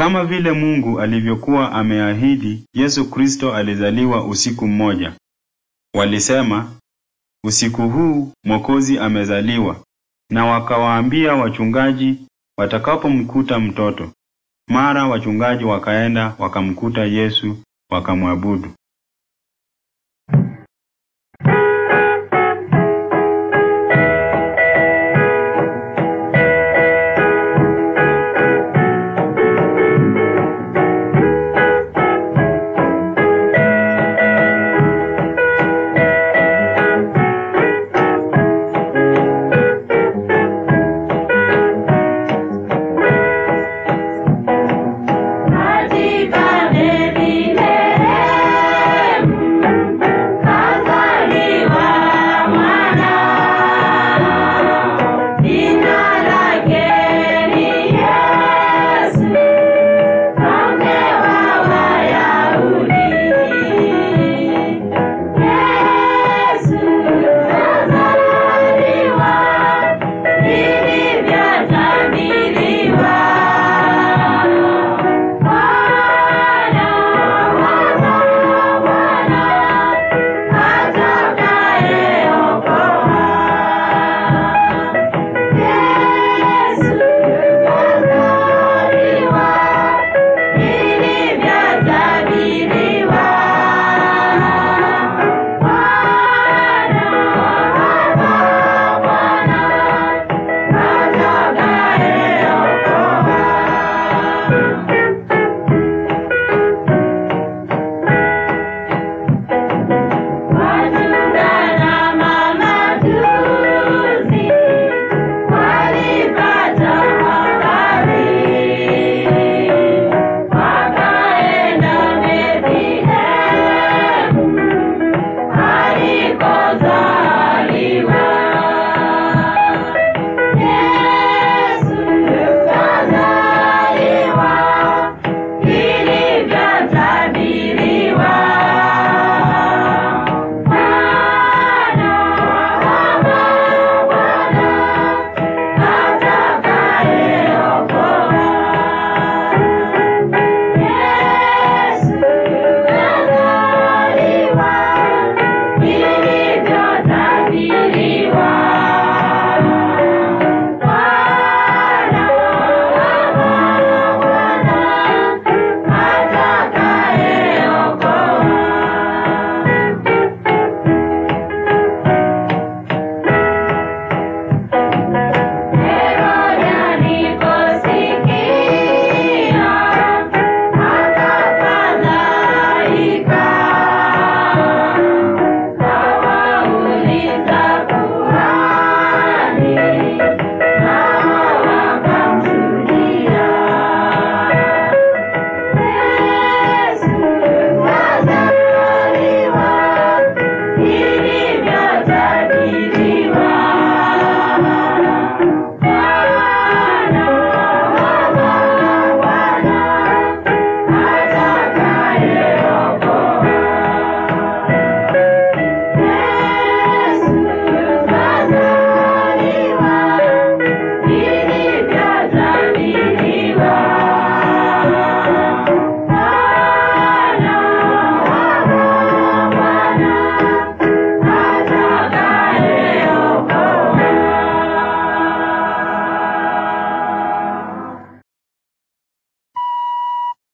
Kama vile Mungu alivyokuwa ameahidi, Yesu Kristo alizaliwa usiku mmoja. Walisema, usiku huu Mwokozi amezaliwa, na wakawaambia wachungaji watakapomkuta mtoto. Mara wachungaji wakaenda wakamkuta Yesu wakamwabudu.